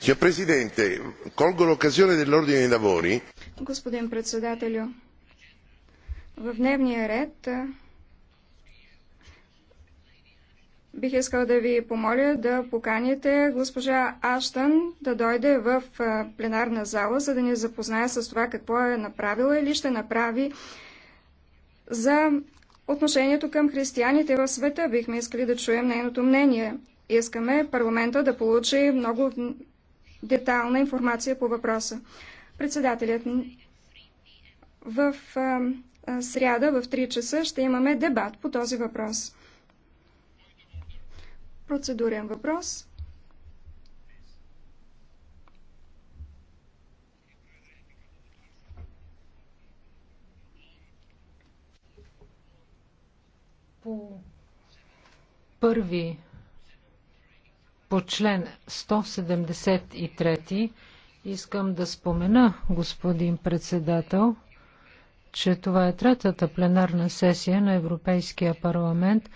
Signor Presidente, colgo l'occasione dell'ordine dei lavori. Господин председателю, в дневния ред бих искал да ви помоля да поканите госпожа Аштън да дойде в пленарна зала, за да ни запознае с това какво е направила или ще направи за отношението към християните в света. Бихме искали да чуем нейното мнение. Искаме парламента да получи много детална информация по въпроса. Председателят в а, сряда в 3 часа ще имаме дебат по този въпрос. Процедурен въпрос. По първи по член 173 искам да спомена, господин председател, че това е третата пленарна сесия на Европейския парламент,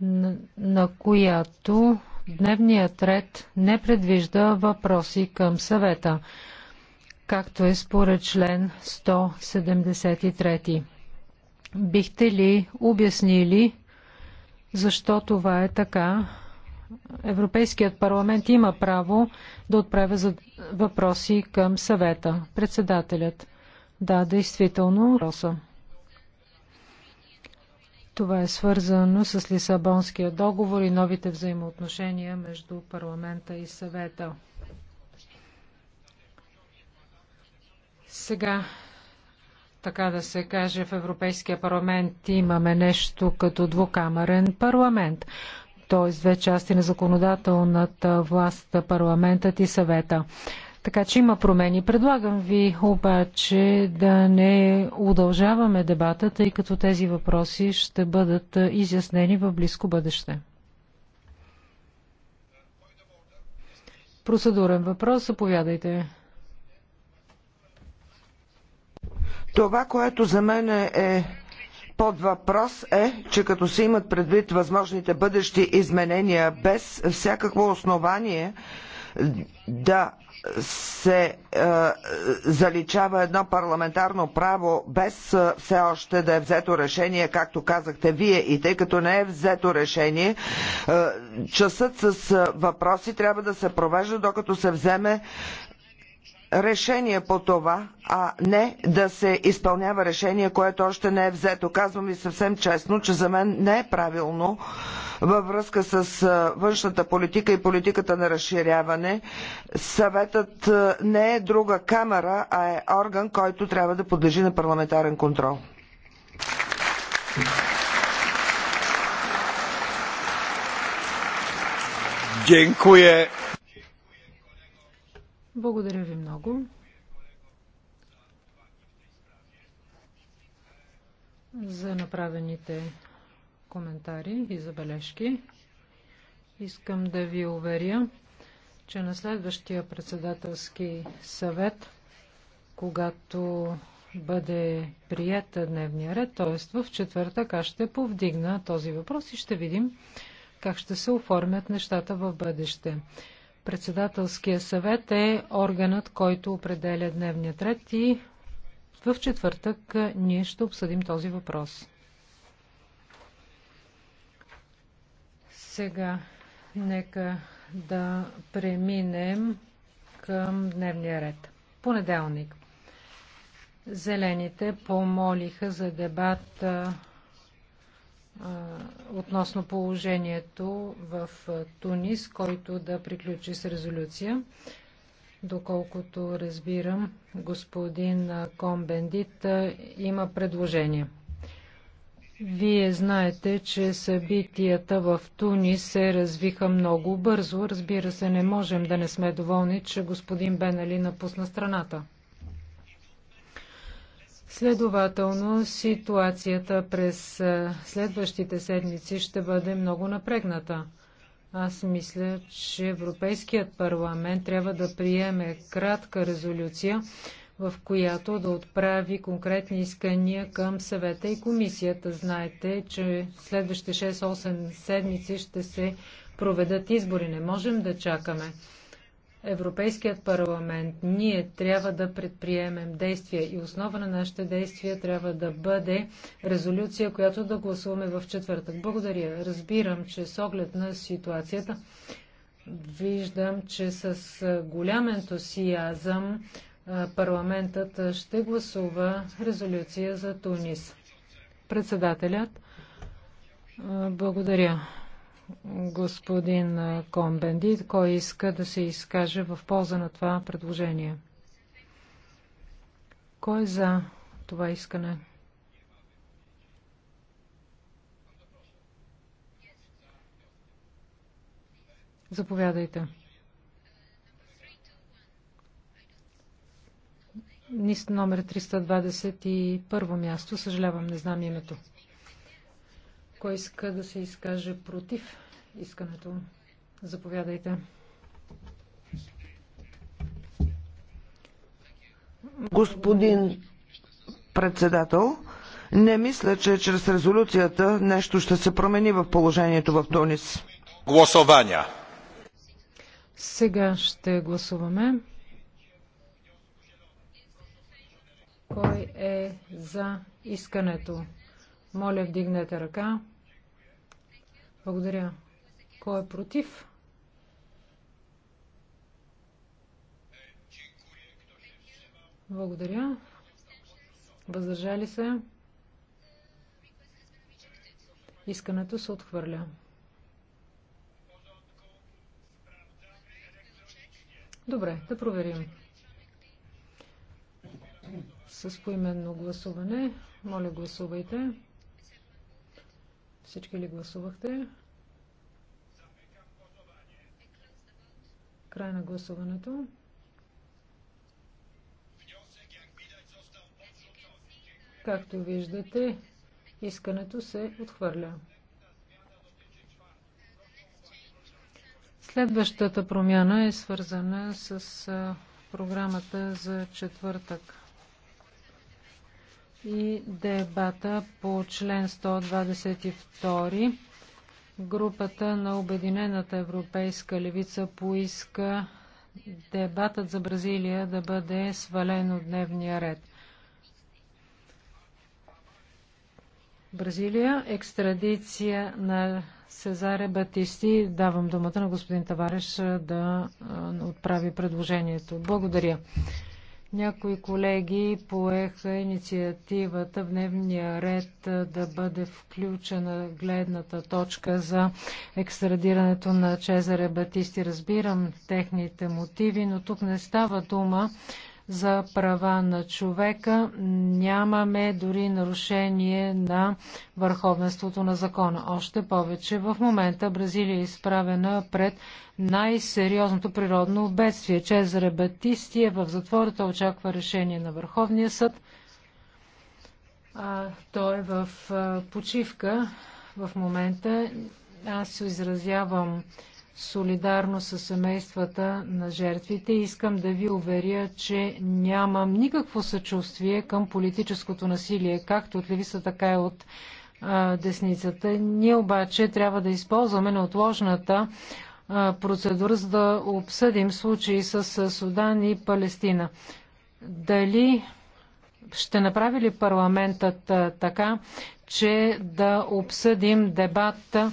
на, на която дневният ред не предвижда въпроси към съвета, както е според член 173. Бихте ли обяснили защо това е така Европейският парламент има право да отправя въпроси към съвета. Председателят. Да, действително. Въпроса. Това е свързано с Лисабонския договор и новите взаимоотношения между парламента и съвета. Сега, така да се каже, в Европейския парламент имаме нещо като двукамерен парламент т.е. две части на законодателната власт, парламентът и съвета. Така че има промени. Предлагам ви обаче да не удължаваме дебата, тъй като тези въпроси ще бъдат изяснени в близко бъдеще. Процедурен въпрос, заповядайте. Това, което за мен е под въпрос е, че като се имат предвид възможните бъдещи изменения без всякакво основание да се е, заличава едно парламентарно право без е, все още да е взето решение, както казахте вие, и тъй като не е взето решение, е, часът с е, въпроси трябва да се провежда, докато се вземе решение по това, а не да се изпълнява решение, което още не е взето. Казвам ви съвсем честно, че за мен не е правилно във връзка с външната политика и политиката на разширяване. Съветът не е друга камера, а е орган, който трябва да подлежи на парламентарен контрол. Dziękuję. Благодаря ви много. за направените коментари и забележки. Искам да ви уверя, че на следващия председателски съвет, когато бъде прият дневния ред, т.е. в четвъртък, аз ще повдигна този въпрос и ще видим как ще се оформят нещата в бъдеще. Председателския съвет е органът, който определя дневния ред и в четвъртък ние ще обсъдим този въпрос. Сега нека да преминем към дневния ред. Понеделник. Зелените помолиха за дебат относно положението в Тунис, който да приключи с резолюция. Доколкото разбирам, господин Комбендит има предложение. Вие знаете, че събитията в Тунис се развиха много бързо. Разбира се, не можем да не сме доволни, че господин Бенали напусна страната. Следователно, ситуацията през следващите седмици ще бъде много напрегната. Аз мисля, че Европейският парламент трябва да приеме кратка резолюция, в която да отправи конкретни искания към съвета и комисията. Знаете, че следващите 6-8 седмици ще се проведат избори. Не можем да чакаме. Европейският парламент, ние трябва да предприемем действия и основа на нашите действия трябва да бъде резолюция, която да гласуваме в четвъртък. Благодаря. Разбирам, че с оглед на ситуацията виждам, че с голям ентусиазъм парламентът ще гласува резолюция за Тунис. Председателят, благодаря господин Комбендит, кой иска да се изкаже в полза на това предложение. Кой е за това искане? Заповядайте. Нист номер 321 място. Съжалявам, не знам името. Кой иска да се изкаже против искането? Заповядайте. Господин председател, не мисля, че чрез резолюцията нещо ще се промени в положението в Тунис. Гласования. Сега ще гласуваме. Кой е за искането? Моля, вдигнете ръка. Благодаря. Кой е против? Благодаря. Въздържали се? Искането се отхвърля. Добре, да проверим. С поименно гласуване. Моля, гласувайте. Всички ли гласувахте? Край на гласуването. Както виждате, искането се отхвърля. Следващата промяна е свързана с програмата за четвъртък и дебата по член 122. Групата на Обединената европейска левица поиска дебатът за Бразилия да бъде свален от дневния ред. Бразилия, екстрадиция на Сезаре Батисти. Давам думата на господин Тавареш да отправи предложението. Благодаря. Някои колеги поеха инициативата в дневния ред да бъде включена гледната точка за екстрадирането на Чезаре Батисти. Разбирам техните мотиви, но тук не става дума за права на човека. Нямаме дори нарушение на върховенството на закона. Още повече в момента Бразилия е изправена пред най-сериозното природно бедствие. Чезаре Батисти е в затвора. очаква решение на Върховния съд. А, той е в а, почивка в момента. Аз изразявам солидарно с семействата на жертвите. Искам да ви уверя, че нямам никакво съчувствие към политическото насилие, както от левица, така и от а, десницата. Ние обаче трябва да използваме неотложната а, процедура, за да обсъдим случаи с Судан и Палестина. Дали ще направи ли парламентът а, така, че да обсъдим дебата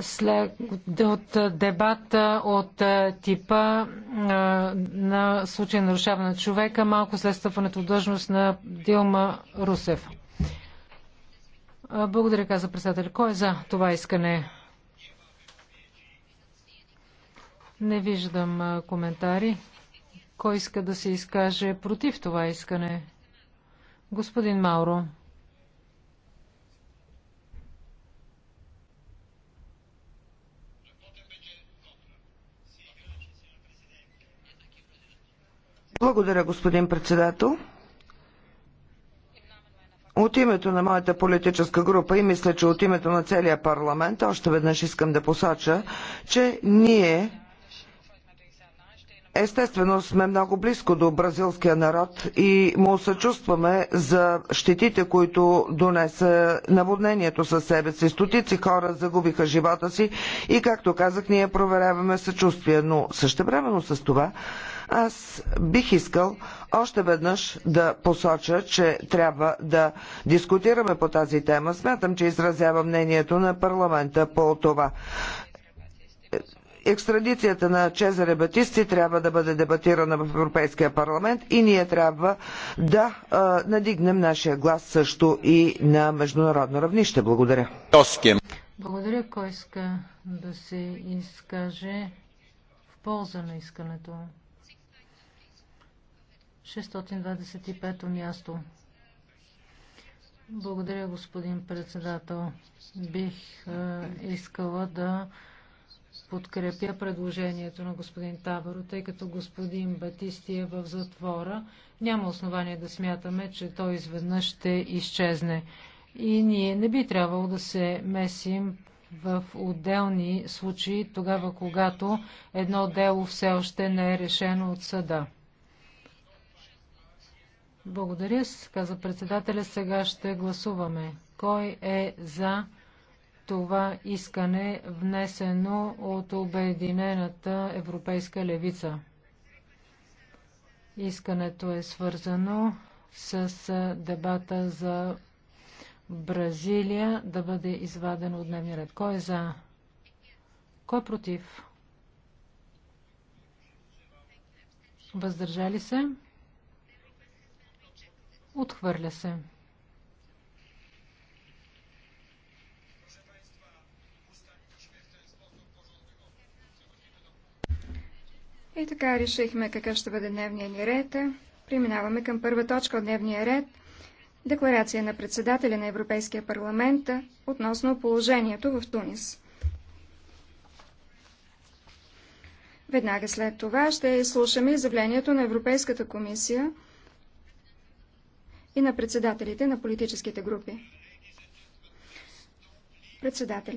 след, от дебата от типа на случай нарушаване на човека малко след стъпването в длъжност на Дилма Русев. Благодаря, каза председател. Кой е за това искане? Не виждам коментари. Кой иска да се изкаже против това искане? Господин Мауро. Благодаря, господин председател. От името на моята политическа група и мисля, че от името на целия парламент, още веднъж искам да посоча, че ние Естествено сме много близко до бразилския народ и му съчувстваме за щетите, които донеса наводнението със себе си. Стотици хора загубиха живота си и, както казах, ние проверяваме съчувствие. Но същевременно с това аз бих искал още веднъж да посоча, че трябва да дискутираме по тази тема. Смятам, че изразява мнението на парламента по това екстрадицията на Чезаре Батисти трябва да бъде дебатирана в Европейския парламент и ние трябва да а, надигнем нашия глас също и на международно равнище. Благодаря. Благодаря. Кой иска да се изкаже в полза на искането? 625 място. Благодаря, господин председател. Бих е, искала да подкрепя предложението на господин Табаро, тъй като господин Батисти е в затвора. Няма основание да смятаме, че той изведнъж ще изчезне. И ние не би трябвало да се месим в отделни случаи, тогава когато едно дело все още не е решено от съда. Благодаря, каза председателя. Сега ще гласуваме. Кой е за това искане, внесено от Обединената европейска левица? Искането е свързано с дебата за Бразилия да бъде извадено от дневния ред. Кой е за? Кой е против? Въздържали се? Отхвърля се. И така решихме какъв ще бъде дневния ни ред. Преминаваме към първа точка от дневния ред. Декларация на председателя на Европейския парламент относно положението в Тунис. Веднага след това ще изслушаме изявлението на Европейската комисия и на председателите на политическите групи. Председател.